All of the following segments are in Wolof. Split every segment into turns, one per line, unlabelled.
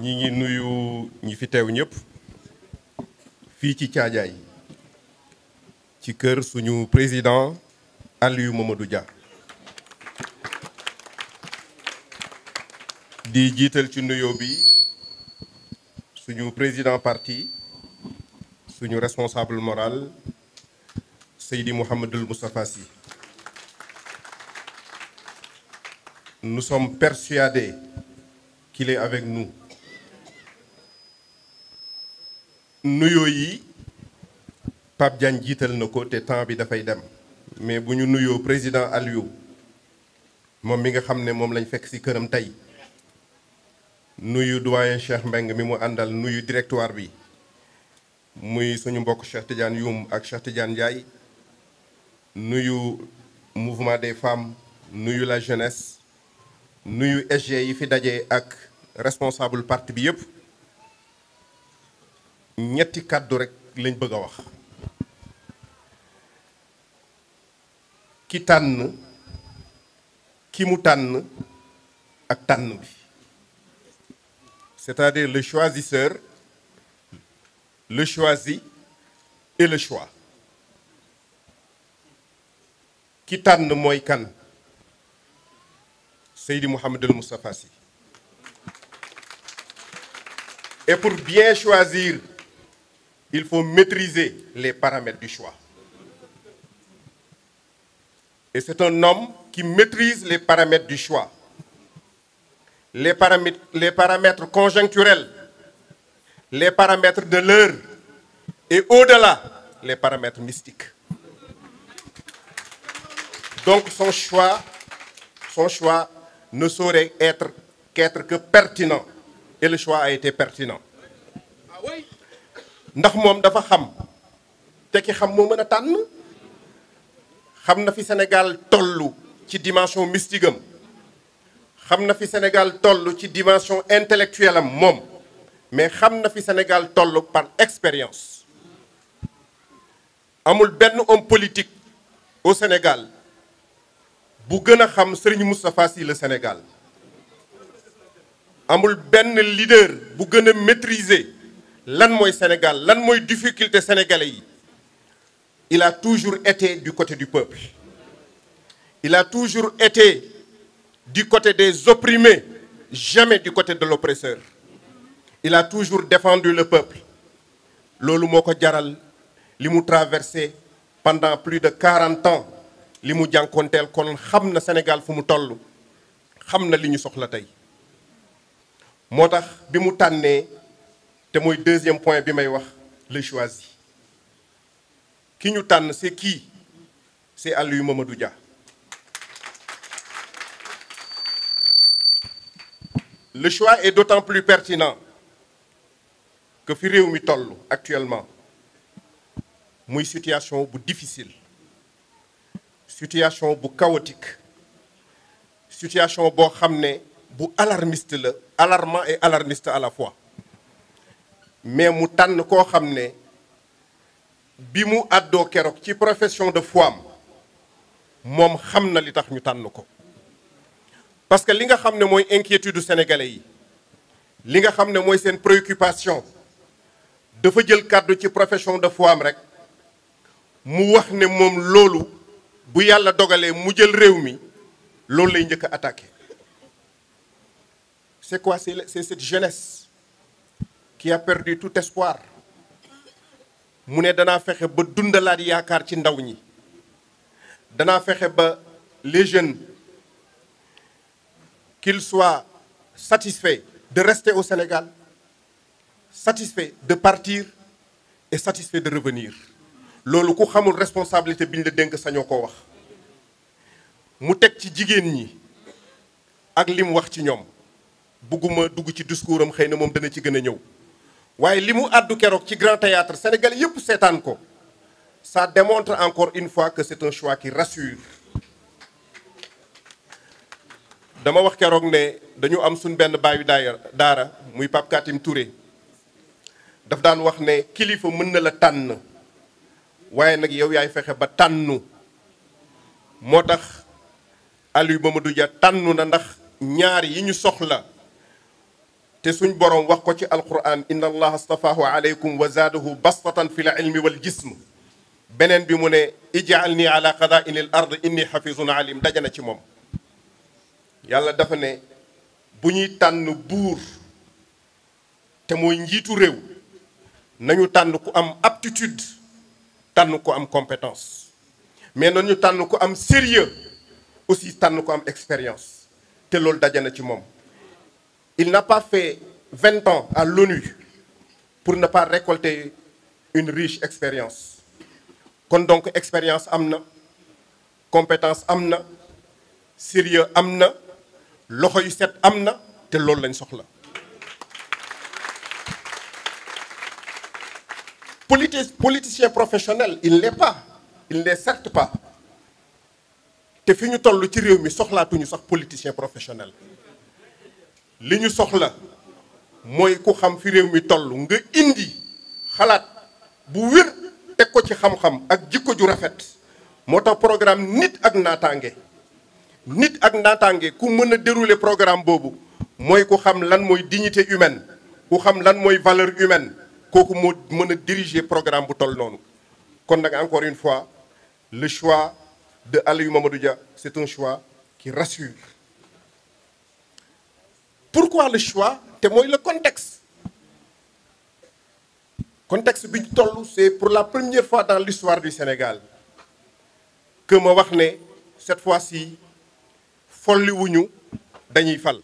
ñi ngi nuyu ñi fi tew ñëpp fii ci ci kër président Aliou Mamadou président parti suñu responsable moral Seydi nous sommes persuadés qu'il est avec nous nuyoo yi Pape Diagne jiital na ko te temps bi dafay dem mais bu ñu nuyoo président Aliou moom mi nga xam ne moom lañ fekk ci këram tey nuyu doyen Cheikh Mbeng mi mu àndal nuyu directoire bi muy suñu mbokk Cheikh Tidiane Youm ak Cheikh Tidiane Ndiaye nuyu mouvement des femmes nuyu la jeunesse nuyu SG yi fi daje ak responsable partie bi yëpp ñetti kaddu rek lañ bëgg a wax ki tànn ki mu ak c'est-à-dire le choisisseur le choisi et le choix ki tànn mooy kan Seydi Mouhamadul Moustapha et pour bien choisir il faut maîtriser les paramètres du choix. Et c'est un homme qui maîtrise les paramètres du choix. Les paramètres, conjoncturels, les paramètres de l'heure et au-delà, les paramètres mystiques. Donc son choix, son choix ne saurait être qu'être que pertinent. Et le choix a été pertinent. Ah oui ndax moom dafa xam te ki xam moo mën a tànn fi Sénégal tollu ci dimension mystique fi Sénégal dans ci dimension intellectuelle am mais xam fi Sénégal toll par expérience amul benn homme politique au Sénégal bu gën xam Serigne Moustapha le Sénégal amul leader bu gën maîtriser lan moy Sénégal lan moy difficulté sénégalais il a toujours été du côté du peuple il a toujours été du côté des opprimés jamais du côté de l'oppresseur il a toujours défendu le peuple lolou moko jaral traversé pendant plus de 40 ans limu jankontel kon xamna Sénégal fumu tollu xamna liñu soxla et mon deuxième point bi le choisi Qui nous tànn c'est qui c'est Aliou Mamadou le choix est d'autant plus pertinent que fi réew mi actuellement situation difficile, difficile situation chaotique. chaotique situation boo alarmiste et alarmiste à la fois mais mu tan ko xamné ne bi mu addo kérok ci profession de foi am moom xam li tax ñu tan ko parce que li nga xamné ne mooy inquiétude sénégalais yi li nga xamné ne sen seen préoccupation dafa jël kàddu ci profession de foi rek mu wax ne mom lolu bu yalla dogalé mu jël réew mi loolu lay ñëk attaquer c'est quoi c'est cette jeunesse qui a perdu tout espoir mu dana fexé ba dundalat yaakaar ci ndaw ñi Dana fexé ba les jeunes qu'ils soient satisfaits de rester au Sénégal satisfaits de partir et satisfaits de revenir Lolu ku xamul responsabilité biñ ñu la dénk sañoo ko wax mu tek ci jigen ñi ak lim wax ci ñom. Buguma dugg ci discours xeyna mom dana ci gëna ñëw waaye li mu àddu keroog ci grand théâtre sénégalais yëpp seetaan ko ça démontre encore une fois que c'est un choix qui rassure dama wax keroog ne dañu am suñ benn baayu daaya daara muy Pape Katim Touré daf daan wax ne kilifa mën na la tànn waaye nag yow yaay fexe ba tànnu moo tax Aliou Mamadou Dia tànnu na ndax ñaar yi ñu soxla te suñ borom wax ko ci alquran inna allaha astafahu alaykum wa zaadahu bastatan fi l ilmi wal jism beneen bi mu ne ij'alni ala qadaa'ini l ard inni xafizun alim daje na ci moom yàlla dafa ne bu ñuy tànn buur te mooy njiitu réew nañu tànn ku am aptitude tànn ku am compétence mais nañu tànn ku am sérieux aussi tànn ku am expérience te loolu daje na ci moom Il n'a pas fait 20 ans à l'ONU pour ne pas récolter une riche expérience Quand donc expérience amna, compétence amna, sérieux amna, c'est ce de set politicien professionnel il n'est pas il n'est certes pas te fini mais politicien professionnel li ñu soxla mooy ku xam fi réew mi nga indi xalaat bu wér teg ko ci xam-xam ak jikko ju rafet programme nit ak naataange nit ak naataange ku mën dérouler programme boobu mooy ku xam lan mooy dignité humaine ku xam lan valeur humaine kooku moo mën diriger programme bu toll noonu kon encore une fois le choix de Aliou Mamadou Dia c'est un choix qui rassure pourquoi le choix te mooy le contexte contexte bi c'est pour la première fois dans l'histoire du Sénégal que ma wax cette fois-ci folliwuñu dañuy fal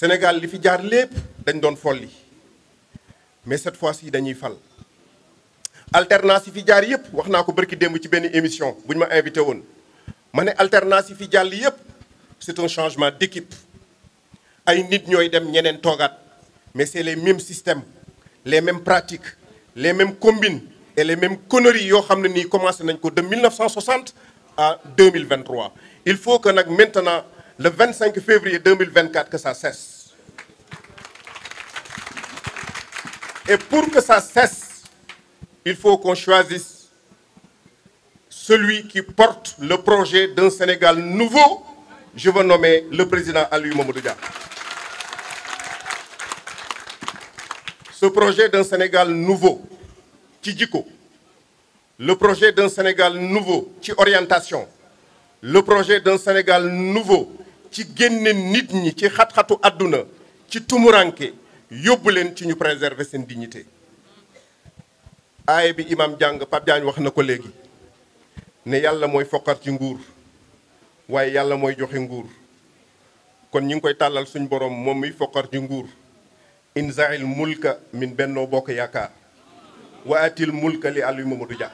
Sénégal li fi jaar lepp dañ doon folli mais cette fois-ci dañuy fal alternance fi jaar yépp waxna ko barki dem ci benn émission buñ ma invité won mané alternance fi jàll yépp c'est un changement d'équipe ay mais c'est les mêmes systèmes les mêmes pratiques les mêmes combines et les mêmes conneries qui ont commencé de 1960 à 2023 il faut que ait maintenant le 25 février 2024 que ça cesse et pour que ça cesse il faut qu'on choisisse celui qui porte le projet d'un Sénégal nouveau je veux nommer le président Aliou Mamadou Ce projet d'un Sénégal nouveau, Tidjiko, le projet d'un Sénégal nouveau, qui orientation, le projet d'un Sénégal nouveau, qui qui nit ñi ci xat qui àdduna ci tumuranke yóbbu le ci ñu préserver sa dignité aaye imam Djang, Pape Diagne wax na ko léegi ne yàlla mooy foqar ci waaye yàlla moy joxe nguur kon ñing koy talal suñ borom moom miy foqar ci nguur inzail mulka min benno bokk yaaka wa atil mulka li Aliou Mamadou Dia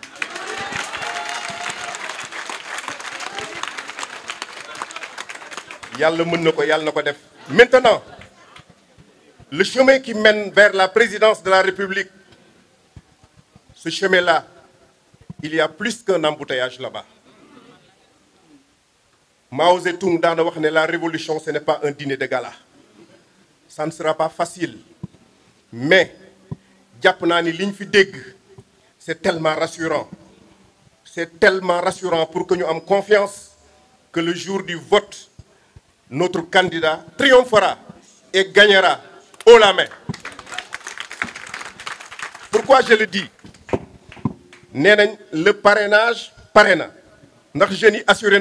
yalla mën nako yalla nako def maintenant le chemin qui mène vers la présidence de la République ce chemin là il y a plus qu'un embouteillage là-bas Mao Zedong dans la révolution ce n'est pas un dîner de gala ça ne sera pas facile mais c'est tellement rassurant c'est tellement rassurant pour que nous ayons confiance que le jour du vote notre candidat triomphera et gagnera haut la main pourquoi je le dis le parrainage parrainage. nous ndax assuré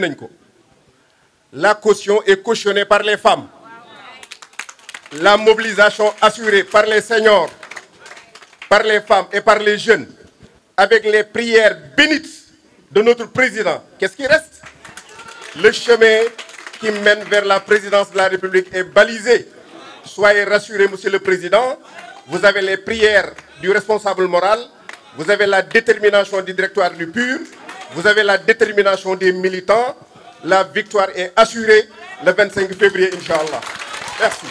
la caution est cautionnée par les femmes. La mobilisation assurée par les seniors, par les femmes et par les jeunes, avec les prières bénites de notre président. Qu'est-ce qui reste Le chemin qui mène vers la présidence de la République est balisé. Soyez rassurés, Monsieur le Président, vous avez les prières du responsable moral, vous avez la détermination du directoire du PUR, vous avez la détermination des militants, la victoire est assurée le 25 février, Inch'Allah. Merci.